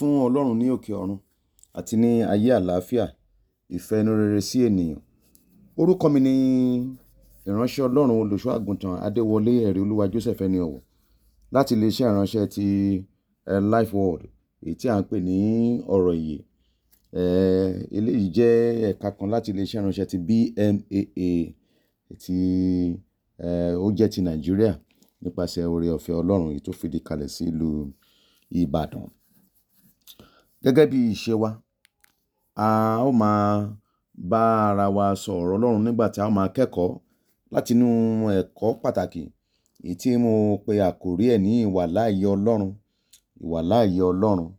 fún Ọlọ́run ní òkè ọ̀run àti ní ayé àlàáfíà ìfẹ́ inú rere sí ènìyàn. Orúkọ mi ni ìránṣẹ́ Ọlọ́run olùṣọ́ àgùntàn Adéwọlé ẹ̀rí olúwa Joseph ẹni ọ̀wọ̀ láti iléeṣẹ́ ìránṣẹ́ ti Life World èyí tí à ń pè ní ọ̀rọ̀ ìyè. Eléyìí jẹ́ ẹ̀ka kan láti iléeṣẹ́ ìránṣẹ́ ti BMAA tí ó jẹ́ ti Nàìjíríà nípasẹ̀ oore ọ̀fẹ́ Ọlọ́run èyí tó fìdí kalẹ̀ sí ìlú Ìbàdàn. Gẹ́gẹ́ bí ìṣe wa, a ó máa bá ara wa sọ ọ̀rọ̀ Ọlọ́run nígbà tí a máa kẹ́kọ̀ọ́ láti inú ẹ̀kọ́ pàtàkì èyí tí mo pe àkòrí ẹ̀ ní ìwàláàyè Ọlọ́run. Ìwàláàyè Ọlọ́run.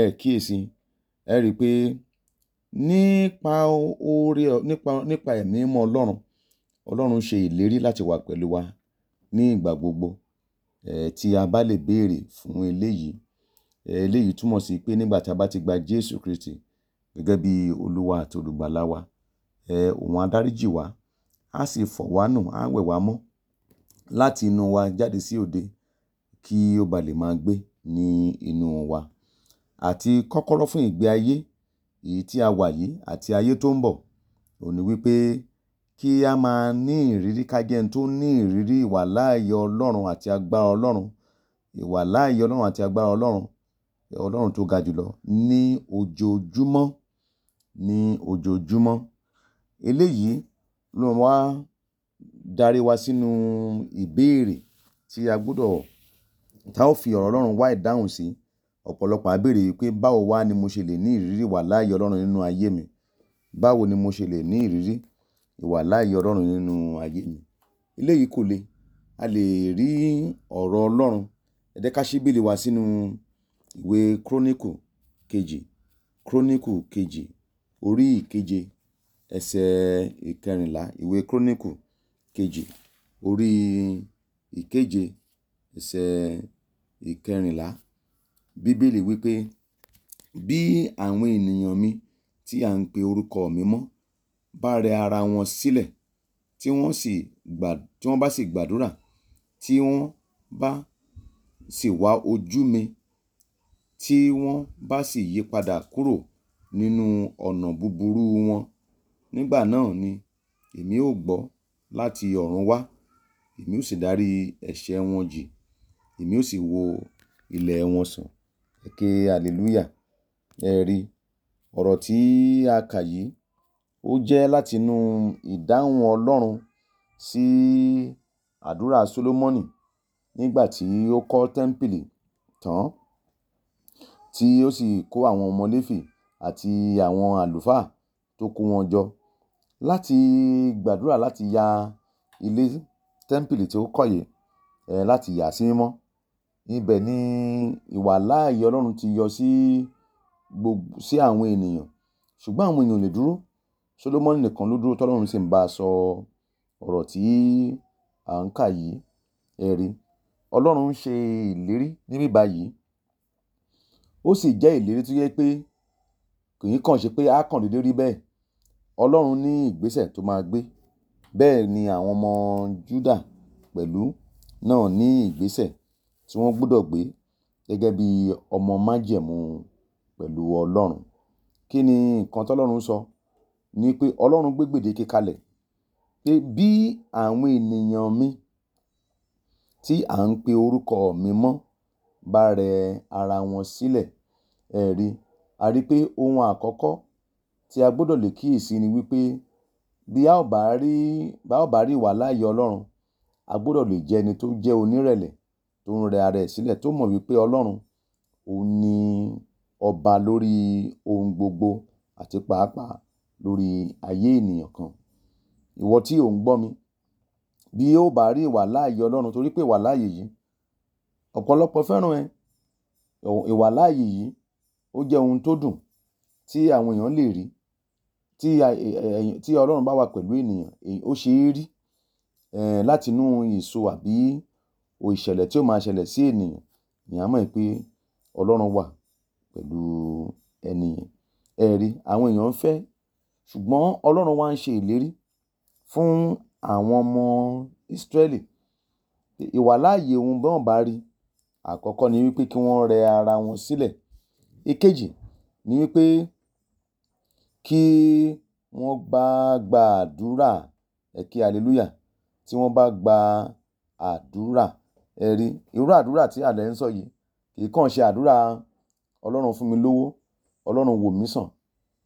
Ẹ kíyèsi, ẹ rí i pé nípa oore, nípa, nípa ẹ̀mí mímọ́ Ọlọ́run, Ọlọ́run ṣe ìlérí láti wà pẹ̀lú wa ní ìgbà gbogbo, ẹ́ tí a bá lè béèrè fún eléyìí. Eléyìí túmọ̀ sí pé nígbà tí a bá ti gba Jésù Kristi gẹ́gẹ́ bí Olúwa àti olùgbàlà wa, ẹ́ òun á wa, á sì fọ̀ wá nù, á wẹ̀ wá mọ́ láti inú wa jáde sí òde kí ó ba lè máa gbé ní inú wa. Àti kọ́kọ́rọ́ fún ìgbé ayé èyí tí a wà yìí àti ayé tó ń bọ̀, òun ní wípé kí a máa ní ìrírí ká tó ní ìrírí ìwà Ọlọ́run àti agbára Ọlọ́run, ìwà Ọlọ́run àti agbára Ọlọ́run Ọlọ́run tó ga jùlọ ní ojoojúmọ́, ní ojoojúmọ́. Eléyìí ló máa wá darí wa sínú ìbéèrè tí a gbọdọ̀, tí a ó fi ọ̀rọ̀ Ọlọ́run wá ìdáhùn sí. Ọ̀pọ̀lọpọ̀ á béèrè wípé báwo wá ni mo ṣe lè ní ìrírí ìwà láàyè Ọlọ́run nínú ayé mi? Báwo ni mo ṣe lè ní ìrírí ìwà láàyè Ọlọ́run nínú ayé mi? Eléyìí kò le. A lè rí ọ̀rọ̀ Ọlọ́run. Ẹ jẹ́ ká ṣí bíbélì ìwé króníkù kejì króníkù kejì orí ìkeje ẹsẹ̀ ìkẹrìnlá ìwé króníkù kejì orí ìkeje ẹsẹ̀ ìkẹrìnlá bíbélì wípé bí àwọn ènìyàn mi tí à ń pe orúkọ mi mọ́ bá rẹ ara wọn sílẹ̀ tí wọ́n sì gbà tí wọ́n bá sì gbàdúrà tí wọ́n bá sì wá ojú mi tí wọ́n bá sì yí padà kúrò nínú ọ̀nà búburú wọn, nígbà náà ni èmi ó gbọ́ láti ọ̀run wá, èmi ó sì dárí ẹ̀ṣẹ̀ wọn jì, èmi ó sì wo ilẹ̀ wọn sàn. Ẹ ké hallelujah. Ẹ rí, ọ̀rọ̀ tí a kà yìí ó jẹ́ láti inú ìdáhùn Ọlọ́run sí àdúrà Solomoni nígbà tí ó kọ́ tẹ́ḿpìlì tán tí ó sì kó àwọn ọmọ Léfì àti àwọn àlùfáà tó kó wọn jọ láti gbàdúrà láti ya ilé tẹ́ḿpìlì tí ó kọ́ yìí, ẹ̀ láti yà á sí mímọ́. Ibẹ̀ ni ìwàláàyè Ọlọ́run ti yọ sí gbogbo, sí àwọn ènìyàn ṣùgbọ́n àwọn ènìyàn ò lè dúró. Solomoni nìkan ló dúró tí sì ń bá a sọ ọ̀rọ̀ tí à ń kà yìí. Ẹ Ọlọ́run ń ṣe ìlérí níbí báyìí ó sì jẹ́ ìlérí tó jẹ́ pé kì í kàn ṣe pé á rí bẹ́ẹ̀ ọlọ́run ní ìgbésẹ̀ tó máa gbé bẹ́ẹ̀ ni àwọn ọmọ Júdà pẹ̀lú náà ní ìgbésẹ̀ tí wọ́n gbọ́dọ̀ gbé gẹ́gẹ́ bí ọmọ májẹ̀mú pẹ̀lú ọlọ́run kí ni nǹkan tọ́lọ́run sọ ni pé ọlọ́run gbé gbèdéke kalẹ̀ pé bí àwọn ènìyàn mi tí à ń pe orúkọ mi mọ́ bá rẹ ara wọn sílẹ̀. Ẹ̀rí, a rí pé ohun àkọ́kọ́ tí a gbọ́dọ̀ lè kíyèsi ni wípé bí a ò bá rí, bá ò bá rí ìwà láàyè Ọlọ́run, a gbọ́dọ̀ lè jẹ́ ẹni tó jẹ́ onírẹ̀lẹ̀ tó ń rẹ ara ẹ̀ sílẹ̀ tó mọ̀ wípé Ọlọ́run òun ni ọba lórí ohun gbogbo àti pàápàá lórí ayé ènìyàn kan. Ìwọ tí ò gbọ́ mi, bí o bá rí ìwà láàyè Ọlọ́run torí pé ìwà yìí ọ̀pọ̀lọpọ̀ fẹ́ràn ẹ ìwàláàyè yìí ó jẹ́ ohun tó dùn tí àwọn èèyàn lè rí tí tí Ọlọ́run bá wà pẹ̀lú ènìyàn ó ṣe é rí láti inú èso àbí ìṣẹ̀lẹ̀ tí ó máa ṣẹlẹ̀ sí ènìyàn èèyàn á mọ̀ pé Ọlọ́run wà pẹ̀lú ẹni yẹn àwọn èèyàn ń fẹ́ ṣùgbọ́n Ọlọ́run wá ń ṣe ìlérí fún àwọn ọmọ Ísírẹ́lì ìwàláàyè òun bí wọ́n bá rí i àkọ́kọ́ ni wípé kí wọ́n rẹ ara wọn sílẹ̀. Ìkejì ni wípé kí wọ́n bá gba àdúrà ẹ ké hallelujah tí wọ́n bá gba àdúrà ẹ rí irú àdúrà tí àdẹ̀ ń sọ yìí kì í kàn ṣe àdúrà Ọlọ́run fún mi lówó Ọlọ́run wò mí sàn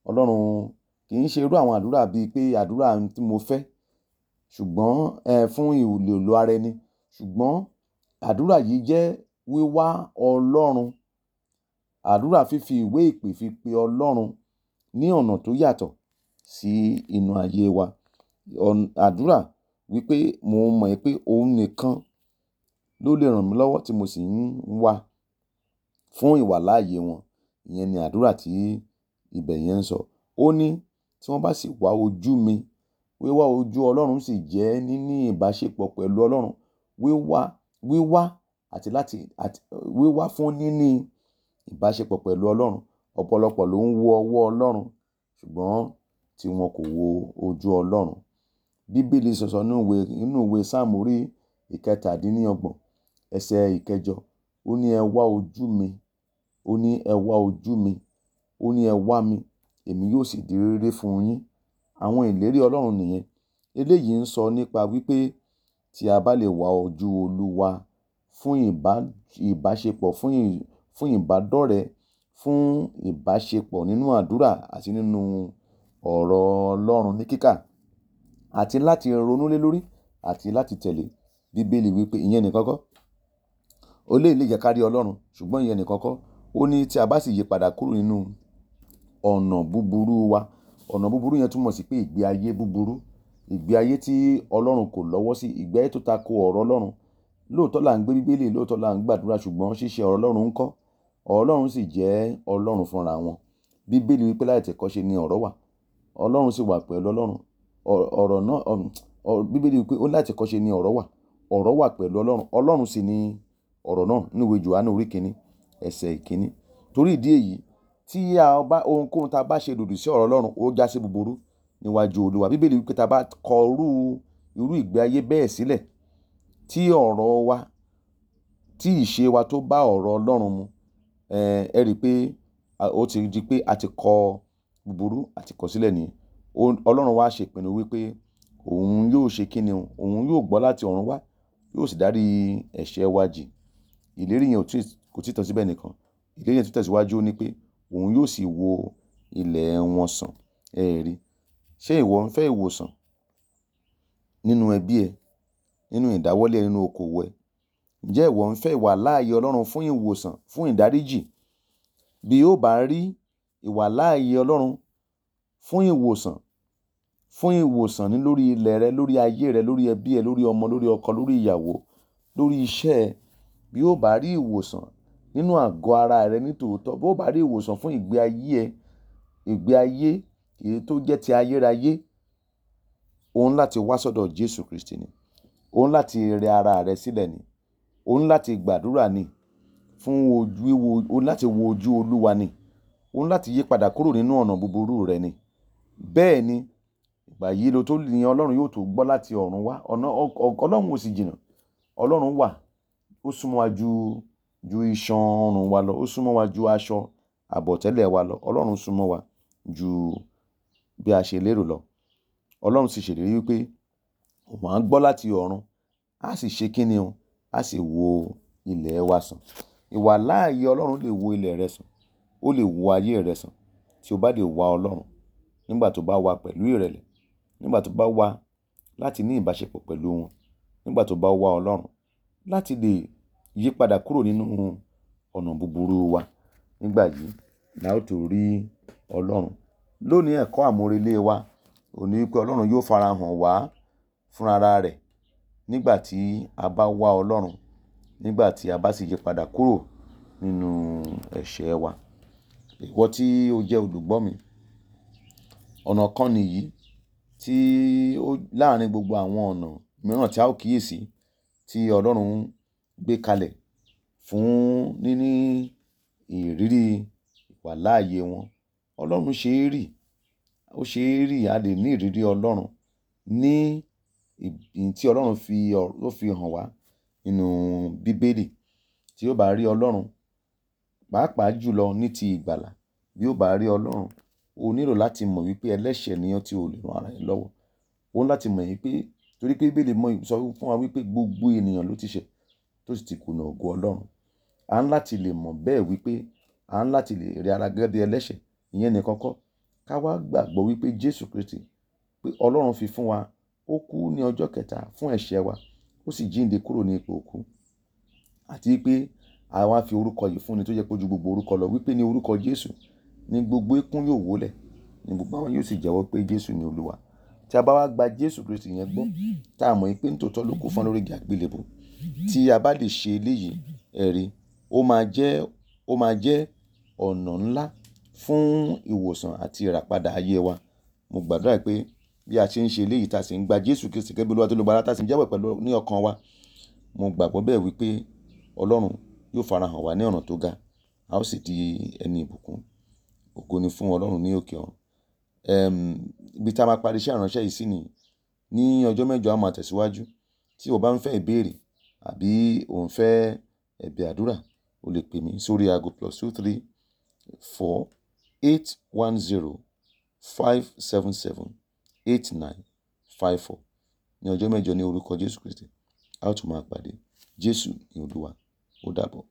Ọlọ́run kì í ṣe irú àwọn àdúrà bíi pé àdúrà tí mo fẹ́ ṣùgbọ́n ẹ fún ìlò ara ẹni ṣùgbọ́n àdúrà yìí jẹ́ wíwá ọlọ́run àdúrà fífi ìwé ìpè fi pe ọlọ́run ní ọ̀nà tó yàtọ̀ sí inú ayé wa àdúrà wípé mo mọ̀ pé òun nìkan ló lè ràn mí lọ́wọ́ tí mo sì ń wá fún ìwàláàyè wọn ìyẹn ni àdúrà tí ibẹ̀ yẹn ń sọ ó ní tí wọ́n bá sì wá ojú mi wíwá ojú ọlọ́run sì jẹ́ níní ìbáṣepọ̀ pẹ̀lú ọlọ́run wíwá àti láti àti wíwá fún níní ìbáṣepọ̀ pẹ̀lú Ọlọ́run. Ọ̀pọ̀lọpọ̀ ló ń wo ọwọ́ Ọlọ́run ṣùgbọ́n tí wọn kò wo ojú Ọlọ́run. Bíbélì sọ̀sọ̀ nínú ìwé, nínú ìwé Sáàmù orí ìkẹtàdínníọgbọ̀n ẹsẹ̀ ìkẹjọ. Ó ní "Ẹ wá ojú mi", ó ní "Ẹ wá ojú mi", ó ní "Ẹ wá mi, èmi yóò sì di rere fún yín". Àwọn ìlérí Ọlọ́run nìyẹn. Eléyìí ń sọ nípa wípé tí a bá lè wá ojú Olúwa fún ìbá, ìbáṣepọ̀, fún ì, fún ìbádọ́rẹ̀ẹ́, fún ìbáṣepọ̀ nínú àdúrà àti nínú ọ̀rọ̀ Ọlọ́run ní kíkà àti láti ronú lé lórí àti láti tẹ̀lé Bíbélì wípé ìyẹn nìkan kọ́. Ó lè lè jẹ́ ká rí Ọlọ́run ṣùgbọ́n ìyẹn nìkan kọ́. Ó ní tí a bá sì yípadà kúrò nínú ọ̀nà búburú wa, ọ̀nà búburú yẹn túmọ̀ sí pé ìgbé ayé búburú, ìgbé ayé tí Ọlọ́run kò lọ́wọ́ sí, ìgbé ayé tó tako ọ̀rọ̀ Ọlọ́run lóòótọ́ là ń gbé bíbélì lóòótọ́ là ń gbàdúrà ṣùgbọ́n ṣíṣe ọ̀rọ̀ ọlọ́run ń kọ́ ọlọ́run sì jẹ́ ọlọ́run fúnra wọn bíbélì wípé láì tẹ̀kọ́ ṣe ni ọ̀rọ̀ wà ọlọ́run sì wà pẹ̀lú ọlọ́run ọ̀rọ̀ náà bíbélì wípé ó láti ṣe ni ọ̀rọ̀ wà ọ̀rọ̀ wà pẹ̀lú ọlọ́run ọlọ́run sì ni ọ̀rọ̀ náà níwèé Jòhánù orí kìíní ẹsẹ̀ ìkíní torí ìdí èyí tí a bá ohunkóhun tá a bá ṣe lòdì sí ọ̀rọ̀ ọlọ́run ó já sí búburú níwájú olúwa bíbélì wípé tá bá kọ irú irú ìgbé ayé bẹ́ẹ̀ sílẹ̀ tí ọ̀rọ̀ wa tí ìṣe wa tó bá ọ̀rọ̀ Ọlọ́run mu, eh, ẹ rí i pé ó ti di pé a ti kọ búburú àti kọ̀ sílẹ̀ nìyẹn. Ọlọ́run wa ṣe ìpinnu wípé òun yóò ṣe kíni o, òun yóò gbọ́ láti ọ̀run wá, yóò sì dárí ẹ̀ṣẹ̀ wa jì. Ìlérí yẹn kò tí tán síbẹ̀ nìkan. Ìlérí yẹn tún tẹ̀síwájú ó pé òun yóò sì wo ilẹ̀ wọn sàn. Ẹ rí Ṣé ìwọ ń fẹ́ ìwòsàn nínú ẹbí ẹ? nínú ìdáwọ́lé nínú okòwò ẹ. Ǹjẹ́ ìwọ ń fẹ́ ìwà láàyè Ọlọ́run fún ìwòsàn, fún ìdáríjì? Bí ó bá rí ìwà láàyè Ọlọ́run fún ìwòsàn, fún ìwòsàn ní lórí ilẹ̀ rẹ, lórí ayé rẹ, lórí ẹbí ẹ, lórí ọmọ, lórí ọkọ, lórí ìyàwó, lórí iṣẹ́ ẹ. Bí ó bá rí ìwòsàn nínú àgọ́ ara rẹ ní bí ó bá rí ìwòsàn fún ìgbé ayé ẹ, ìgbé ayé èyí tó jẹ́ ti ayérayé, òun láti wá sọ́dọ̀ Jésù Kristi ni o ní láti rẹ ara rẹ sílẹ̀ ni. O ní láti gbàdúrà ni fún ojú wíwo, o ní láti wo ojú Olúwa ni. O ní láti yípadà kúrò nínú ọ̀nà búburú rẹ ni. Bẹ́ẹ̀ ni, ìgbà yìí ló tó ni Ọlọ́run yóò tó gbọ́ láti ọ̀run wá. Ọ̀nà Ọlọ́run ò sì jìnnà. Ọlọ́run wà. Ó súnmọ́ wa ju, ju iṣan ọrùn wa lọ. Ó súnmọ́ wa ju aṣọ àbọ̀tẹ́lẹ̀ wa lọ. Ọlọ́run súnmọ́ wa ju bí a ṣe lérò lọ. Ọlọ́run sì ṣèlérí wípé òun á gbọ́ láti ọ̀run. a sì ṣe kíni o, a sì wo ilẹ̀ wa sàn. Ìwà láàyè Ọlọ́run lè wo ilẹ̀ rẹ sàn, ó lè wo ayé rẹ sàn. Tí o bá lè wa Ọlọ́run nígbà tó bá wa pẹ̀lú ìrẹ̀lẹ̀, nígbà tó bá wa láti ní ìbáṣepọ̀ pẹ̀lú wọn, nígbà tó bá wa Ọlọ́run láti lè yípadà kúrò nínú ọ̀nà búburú wa. Nígbà yìí la ó tó rí Ọlọ́run. Lónìí ẹ̀kọ́ àmúrelé wa, òní wípé Ọlọ́run yóò farahàn wá fúnra ara rẹ̀. nígbà tí a bá wá Ọlọ́run, nígbà tí a bá sì yípadà kúrò nínú ẹ̀ṣẹ̀ wa. Ìwọ tí ó jẹ́ olùgbọ́ mi, ọ̀nà kan nìyí tí ó láàrín gbogbo àwọn ọ̀nà mìíràn tí a ó kíyèsí tí Ọlọ́run gbé kalẹ̀ fún níní ìrírí ìwà láàyè wọn. Ọlọ́run ṣe é rì, ó ṣe é rì, a lè ní ìrírí Ọlọ́run ní ìyí tí Ọlọ́run fi ó fi hàn wá nínú bíbélì. Tí ó bá rí Ọlọ́run, pàápàá jùlọ ní ti ìgbàlà, bí ó bá rí Ọlọ́run, ó nílò láti mọ̀ wípé ẹlẹ́ṣẹ̀ ni ọ́ tí o lè ran ara rẹ lọ́wọ́. o ní láti mọ̀ wípé torí pé bíbélì mọ̀ sọ fún wa wípé gbogbo ènìyàn ló ti ṣẹ̀ tó sì ti kùnà ògo Ọlọ́run. A ní láti lè mọ̀ bẹ́ẹ̀ wípé a ní láti lè rí ara gẹ́gẹ́ bí ẹlẹ́ṣẹ̀. Ìyẹn nìkan kọ́. Ká wá gbàgbọ́ wípé Jésù Kristi pé Ọlọ́run fi fún wa ó kú ní ọjọ́ kẹta fún ẹ̀ṣẹ̀ wa ó sì jíǹde kúrò ní ipò òkú àti pé àwa fi orúkọ yìí fúnni tó yẹ kó ju gbogbo orúkọ lọ wípé ní orúkọ Jésù ní gbogbo ikún yóò wólẹ̀ ní gbogbo àwọn yóò sì jẹ́wọ́ pé Jésù ni Olúwa tí a bá wá gba Jésù Kristi yẹn gbọ́ tá a mọ̀ pé nítòótọ́ ló kú fún lórí igi àgbélébùú tí a bá lè ṣe eléyìí ẹ̀rí ó máa jẹ́ ó máa jẹ́ ọ̀nà ńlá fún ìwòsàn àti ìràpadà ayé wa mo gbàdúrà pé bí a ṣe ń ṣe eléyìí tá a sì ń gba Jésù Kristi gẹ́gẹ́ bí Olúwa tó ló gbára tá a sì ń jẹ́wọ́ pẹ̀lú ní ọkàn wa mo gbàgbọ́ bẹ́ẹ̀ wípé Ọlọ́run yóò farahàn wá ní ọ̀nà tó ga a ó sì di ẹni ìbùkún ògo ni fún Ọlọ́run ní òkè ọ̀run ibi tá a máa parí iṣẹ́ ìránṣẹ́ yìí sí ni ní ọjọ́ mẹ́jọ a máa tẹ̀síwájú tí o bá ń fẹ́ ìbéèrè àbí o ń fẹ́ ẹ̀bẹ̀ àdúrà o lè pè mí sórí aago plus two three four eight one zero five seven seven eight nine five four ní ọjọ́ mẹ́jọ ní orúkọ Jésù Kristi a ó tún máa pàdé Jésù ni Olúwa ó dàbọ̀.